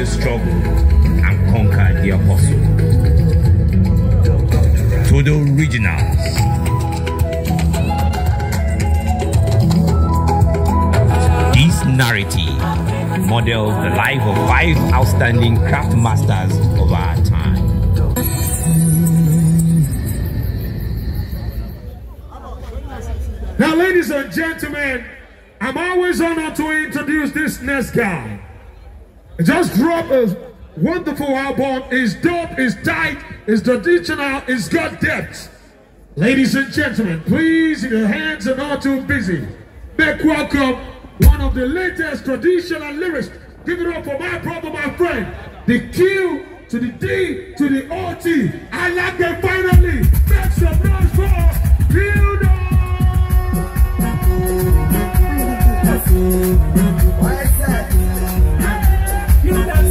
the struggle and conquered the apostle. To the originals. This narrative models the life of five outstanding craft masters of our time. Now, ladies and gentlemen, I'm always honored to introduce this next guy. Just drop a wonderful album. It's dope, it's tight, it's traditional, it's got depth. Ladies and gentlemen, please, your hands are not too busy. Make welcome one of the latest traditional lyrics. Give it up for my brother, my friend. The Q to the D to the OT. I like it finally. Make some noise for Q.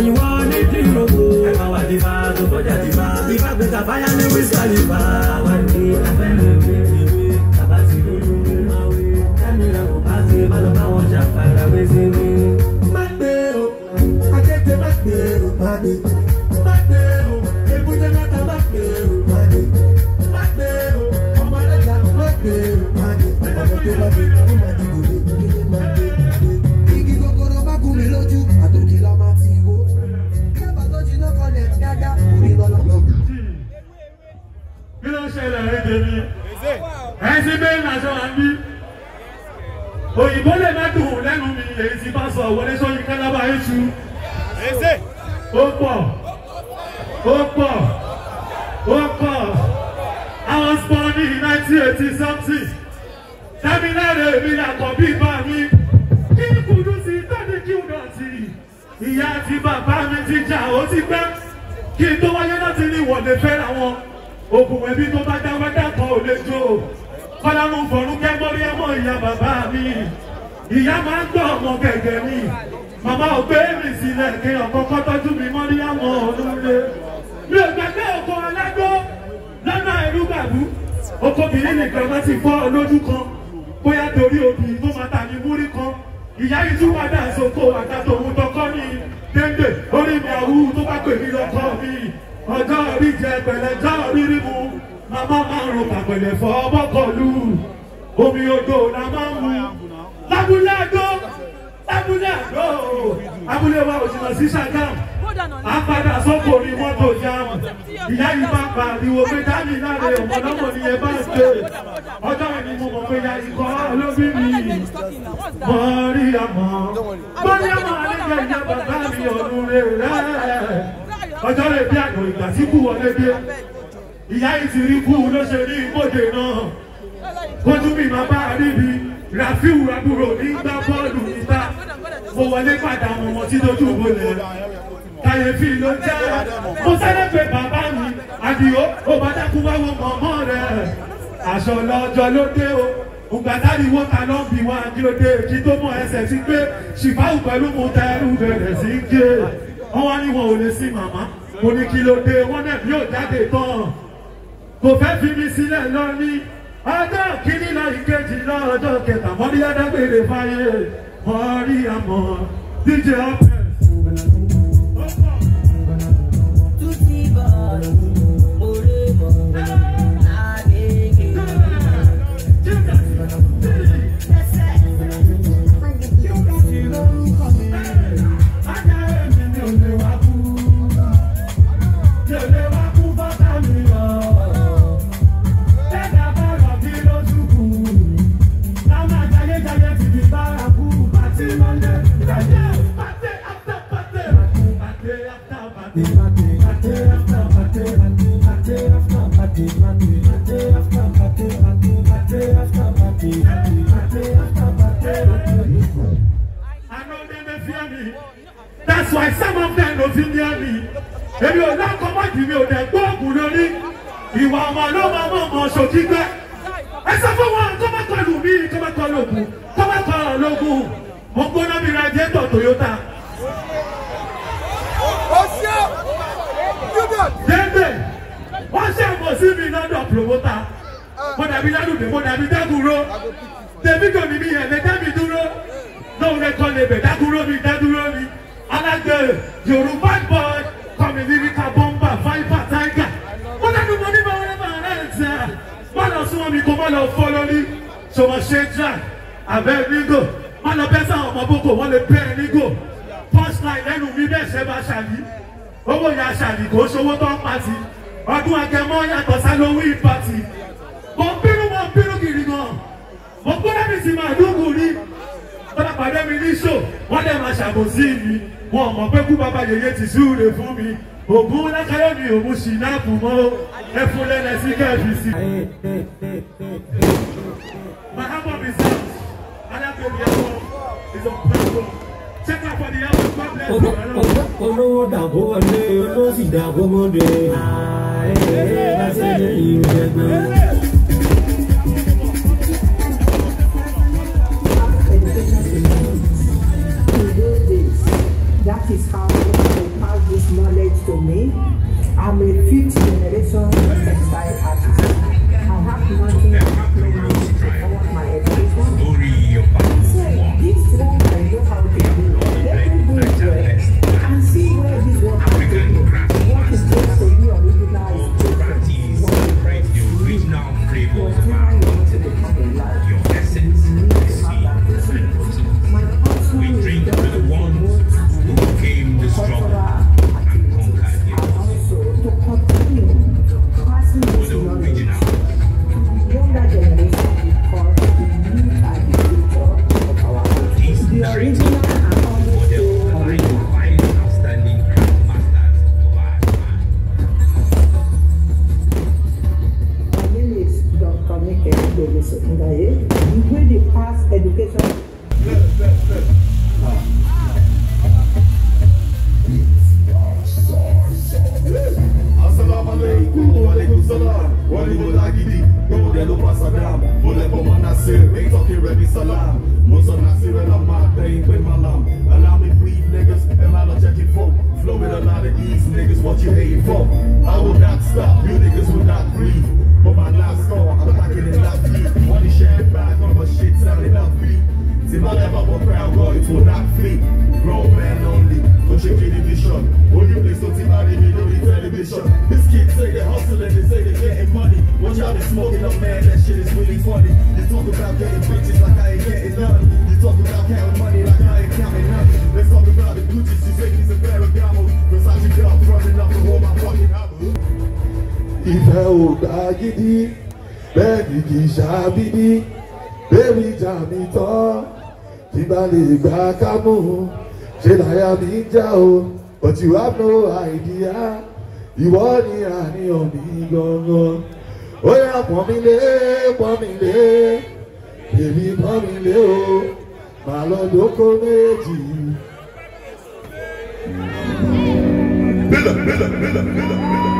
You you want it, know. ẹ̀yìn wọn ní kí n lóko. ẹ̀ka wà dìbà tó kọjá dìbà. ìbá gbẹ̀ta fáyà ní wíṣ ṣẹlẹ̀ èdè mi ẹ̀sìn bẹ́ẹ̀ làṣọ à ń bí òyìnbó lè má dùn lẹ́nu mi èyí ti bá sọ Wọlé Ṣóyínká lábàá èṣù ó pọ̀ ó pọ̀ ó pọ̀ I was born in nineteen eighty something tẹ́mínárì èmi làkọ̀ bí bá mi kí kùdú sí tẹ́ni kí n dọ̀tí ìyá àti bàbá mi ti jà ó ti pẹ́ kí n tó wáyé láti ní ìwọ̀de fẹ́ra wọn òkùn ẹbí tó bá dá wádà kan ò lè jó kọ́lárun fọ̀rún kẹ́gbọ́rí ẹ̀mọ́ ìyá bàbá mi ìyá máa ń gbọ́ ọmọ gẹ̀gẹ̀ mi màmá ò gbé mi sílẹ̀ kí ọkọ̀ kọ́ tọ́jú mi mọ́ ní àmọ́ olóore mi ò gbàgbé òkò alágbó lọ́nà ìlú gbàgbú okòbìnrin nìkan má ti fọ́ lójú kan bóyá torí obìnrin tó máa tà ní múrí kan ìyá yìí tún sóko àtàtòun tọkọ ní mi àwù ọjọ́ orí jẹ pẹ̀lẹ́ jọ́ orí rímu màmá máa ń ro pàpẹ̀lẹ̀ fọ́ bọ́kọ̀lù omi odò la máa ń mu lábúlé àdó lábúlé àdó abúlé wa ò jìnnà sí Ṣàgámù a padà sọ́kò ní mọ́tò jáàmù ìyá yìí bá pa àríwo pé dání láre ọmọ lọ́mọ ni ẹ bá ń ṣe ọjọ́ ìní mo mọ̀ pé ya ikọ̀ olóbí mi mọ̀ rí àmọ́ mọ̀ rí àmọ́ àlejò ìyá bàbá mi ọ̀run rẹ̀ rẹ̀ ọjọ́ lè bí àgbò ìgbà tí kú wọlé dé ìyá yìí ti rí kú ló ṣe ní ìgbòde náà bójú máa bá a níbi Rafiu àbúrò ní gbá bọ́ọ̀lù níta mo wọlé padà àwọn ọmọ tí lójú ìbòlẹ̀ kàyéfì ló já mo sáré pé bàbá mi àdìo ó bá dákú wá wọ mọ̀mọ́ rẹ̀ aṣọ lọ́jọ́ ló dé o ògbàdàrí wọ́ta ló ń bí wọn àdìo dé èjì tó mọ ẹsẹ̀ sí pé ṣìfáwù pẹ̀lú mo ta ẹrú bẹ̀rẹ̀ sí gé wọ́n wá ní wọn ò lè sí màmá mo ní kí ló dé wọ́n náà yóò jáde tán kò fẹ́ fi mi sílẹ̀ lọ ní ọjọ́ kìíní lọ ìkejì lọ ọjọ́ kẹta mọ́rí adágbére fáyé mọ́rí àmọ́ díje ọ̀pẹ. mo gbóná bí radiator Toyota. débè wọ́n ṣàmọ̀ sí mi lọ́dọ̀ promoter ah. mo dàbí lálùdé mo dàbí dágúró tèmi kò ní mi yẹn lè dá mi dúró lóun lè kọ́ lè bẹ̀ dágúró mi dádúró mi alágbèrè Yorùbá boy kọ́mi líríkà bọ́mbà fáìfà táìgà mo lẹ́nu mo ní bàwọn ẹ̀rọ ààrẹ ẹ̀sẹ̀ à má lọ sún omi kó má lọ fọ́ lórí ṣòwò ṣe dra abẹ́ rígò wọ́n lọ bẹ́ sáwọn ọmọ boko wọ́n lè bẹ́ ẹ nígò punchline lẹ́nu mi bẹ́ẹ̀ ṣe bá ṣàlì owó ya ṣàlì kò ṣòwò tó ń pàtì ọdún agẹmọ́ yàtọ̀ sálówó ìpàtì mo bínú mo bínú gidi gan mo gbọ́dọ̀ mi sì máa dúkù rí tọ́lá pàdé mi ní ṣò wọ́n lè máa ṣàbòsí mi wọn ò mọ̀ pé kú bàbá yèyé ti súre fún mi ògún lákàyọ̀ mi òun sì náà kù mọ́ ẹfun lẹ́lẹ̀ sí kẹ́ẹ̀fì sí. Mahama mi sáà alábẹ̀bí ẹ̀fọ́. That is how they pass this knowledge to me. I'm a fifth generation textile artist. I have nothing to gbà gidi bẹ́ẹ̀ ni kì í ṣàbídí bẹ́ẹ̀ni ìjà mi tán kí bá lè gbà kámú ṣe láyà mi ń já o but you have no idea ìwọ ni àníyàn mi gangan ó yà pọ́n mi lé pọ́n mi lé èmi pọ́n mi lé o màá lọ dóko méjì. Bílẹ̀ bílẹ̀ bílẹ̀ bílẹ̀ bílẹ̀.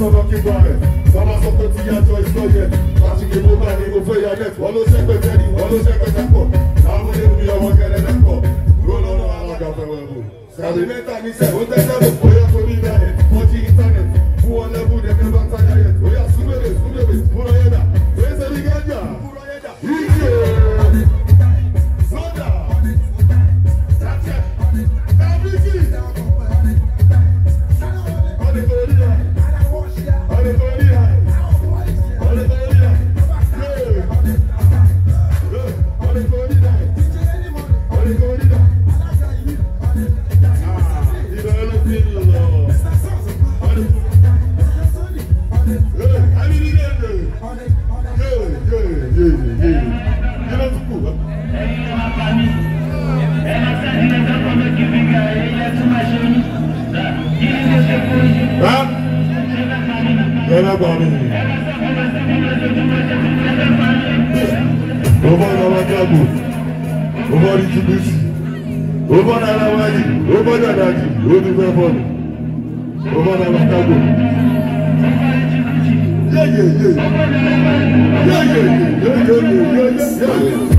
So so sọ́dọ̀ kíkọ́ rẹ̀ bàbá sọ yet. ti yájọ ìjọ and láti kí mo bá ní mo fẹ́ yá net wọ́n ló ṣẹ́gbẹ́ tẹ́lẹ̀ wọ́n ló ṣẹ́gbẹ́ tẹ́pọ̀ táwọn ilé mi ọmọ kẹrẹ lẹ́pọ̀ kúrò lọ́rọ̀ àwọn àgbà fẹ́wẹ́ wò sàbí mẹ́ta ní sẹ́ ó tẹ́tẹ́ mọ̀ bóyá. agbami. Over Lawakago, over Ritibisi, over Nalawaji, over Dadaji, Odúfẹ́ Bọ́ọ̀lù, over Lawakago. Yeah, yeah, yeah. Yeah, yeah, yeah, yeah, yeah, yeah, yeah.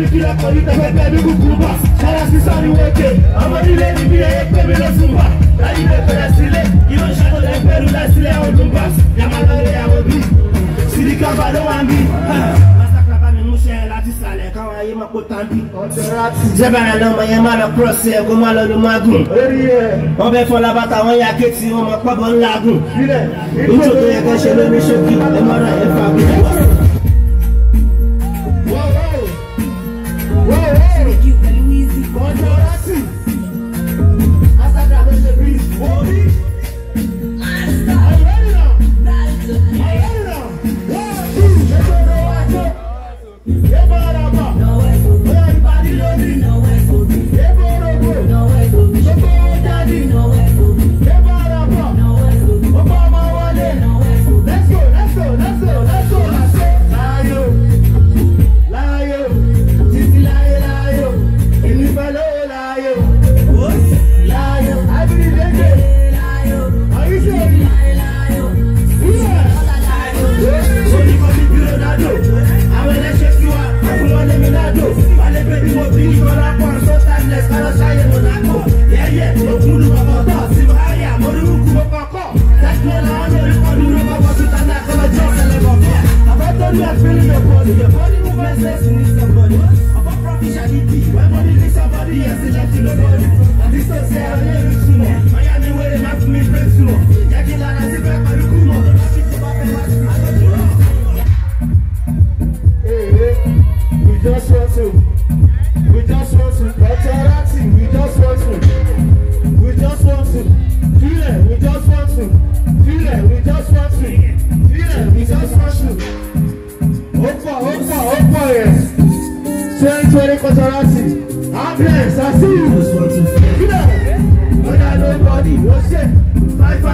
mi kila kọ̀lí tẹ́fẹ́fẹ́ mi kúkú bá ṣáyà sísá ni wọ́n ké ọmọ nílé ni bí ẹ pé mi ló sùn bá láyé lè bẹ̀rẹ̀ sílé yóò ṣàtọ̀ lẹ́ pẹ̀lú lẹ́sílẹ̀ ọdún bá yàmá lọ́rẹ́ àwọn bí sídìkà bá ló wà ń bí. Jẹ́bẹ̀rẹ̀ lọ́mọ yẹn máa lọ kúrọ̀sì ẹ̀gbọ́n máa lọ ló máa gùn. Wọ́n bẹ fọlá bàtà wọn ya kéétì wọn mọ̀ pọ́bọ̀ ńlá gùn. Ìjọba yẹn kan ṣe lóní ṣókí ẹ̀ mọ́ra ẹ̀ fà gùn. Yeah,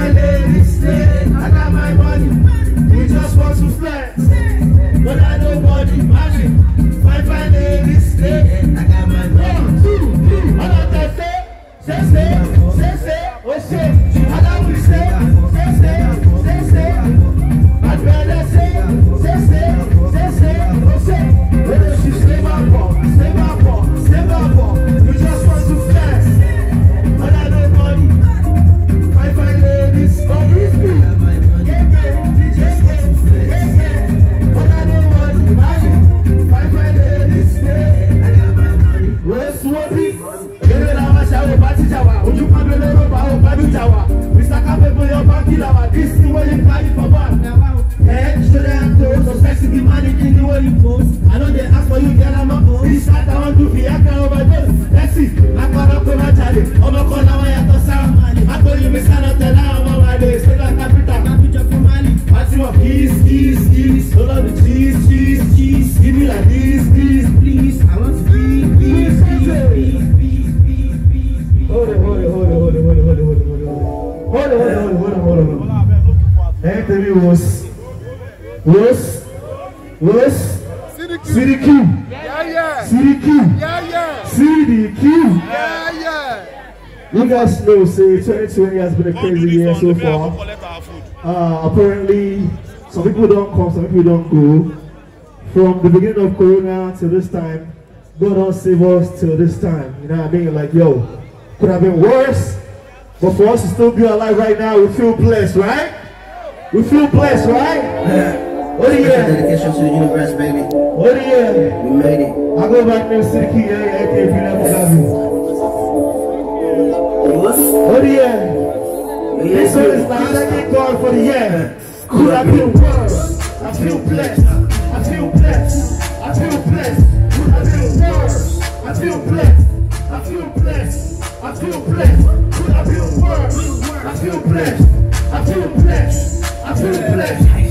my ladies stay. I got my money. We just want to flex. But I don't want the money. My fine ladies stay. One, two, three. All of them say, say, say, say, say, oh, say. CDQ. Yeah, yeah. CDQ. Yeah, yeah. Yeah, yeah. You guys know, say 2020 has been a crazy year so far. Uh, apparently, some people don't come, some people don't go. From the beginning of Corona till this time, God don't save us till this time. You know what I mean? Like, yo, could have been worse, but for us to still be alive right now, we feel blessed, right? We feel blessed, right? What a Dedication to the universe, baby. What a We made it. I go back to the city. yeah, yeah, okay, if you never love me. What a year. This song is the I thank God for the year. Cool, I feel world. I feel blessed. I feel blessed. I feel blessed. I feel world. I feel blessed. I feel blessed. I feel blessed. I feel world. I feel blessed. I feel blessed. I feel blessed.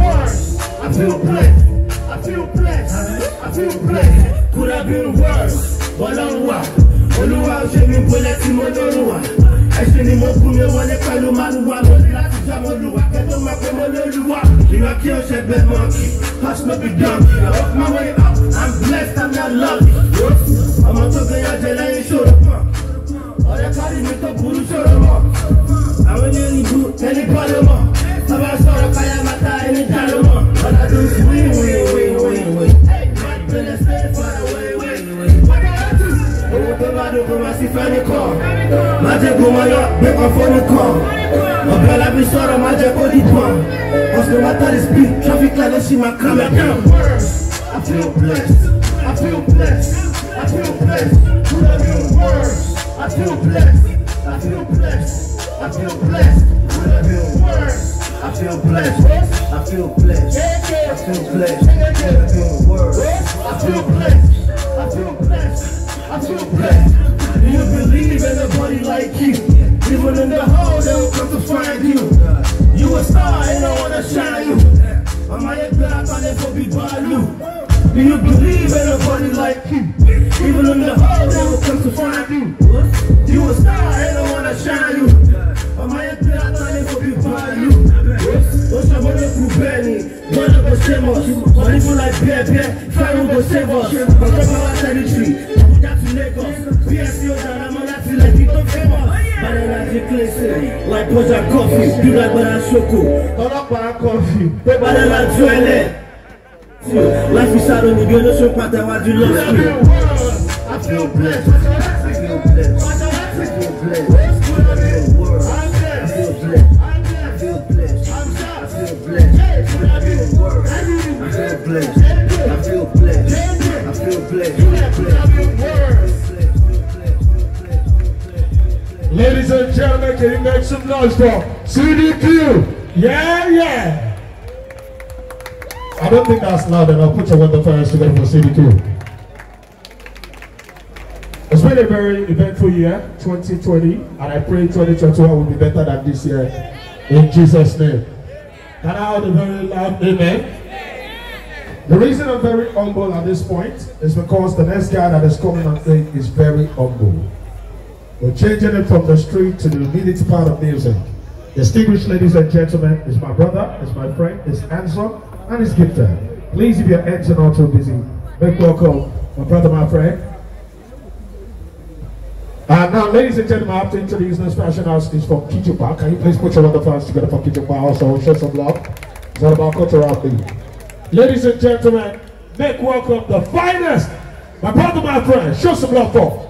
worse. I feel blessed. I feel blessed. I feel blessed. Could have been worse. But I'm what? Olúwa ṣe mi bọ́lẹ̀ tí mo lóru wá. Ẹ̀sìn ni mo kú mi wọlé pẹ̀lú márùwá. Mo ní láti já mo lùwà kẹ́tọ́ máa pẹ́ mo lóluwà. Ìwà kí o ṣe bẹ mọ́ kí. no be dumb. I work my way I'm blessed and I'm lucky. Ọmọ tó gbẹ̀yà jẹ lẹ́yìn ṣòro pọ̀. Ọ̀rẹ́ kárí mi tó burú ṣòro mọ̀. Àwọn ẹni ìlú ẹni bọ́lẹ̀ mọ̀. Sobrasora para matar e evitar the mal But I do I stay far away, win, win Owo tó bá dùn kò máa sí speed traffic light ló ṣì máa calm me I feel blessed, I feel blessed, I feel blessed the new I feel blessed, I feel blessed, I feel blessed feel blessed. I feel blessed. I feel blessed. I feel blessed. I feel blessed. I feel blessed. I feel blessed. Do you believe in a buddy like you? Even in the hole, they'll come to find you. You a star, and I wanna shine you. I might have been, I might never be by you. Do you believe in a buddy like you? Even in the hole, they will come to find you. famous. Money for like beer, beer. Fire go save us. From our territory, Abuja to Lagos. PSO and Amala to like Tito famous. Banana to Clayson. Like Boja Coffee. Do like Banana Soko. Ọlọ́pàá Coffee. Banana to Ele. Life is hard on the girl, no so part I want you love me. I feel blessed. I feel blessed. I feel blessed. feel blessed. I feel blessed. I feel blessed. Ladies and gentlemen, can you make some noise for CDQ? Yeah, yeah. I don't think that's loud enough. Put your wonderful hands together for CDQ. It's been a very eventful year, 2020, and I pray 2021 will be better than this year. In Jesus' name. Can I have a very loud amen? The reason I'm very humble at this point is because the next guy that is coming on stage is very humble. We're changing it from the street to the immediate part of music. Distinguished ladies and gentlemen, is my brother, is my friend, is handsome, and is gifted. Please, if your heads are not too busy, make welcome my brother, my friend. And now, ladies and gentlemen, I have to introduce this fashion house It's from Kijuba. Can you please put your other fans together for Kijuba also? Show some love. It's all about cultural things. Ladies and gentlemen, make welcome the finest, my brother, my friend. Show some love for.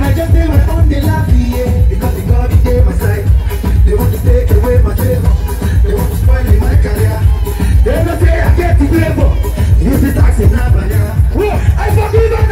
I just say my own they love me, because the God is there my side. They want to take away my favor. They want to spoil my career. They don't say I get the favor. Use the taxi yeah. I forgive them.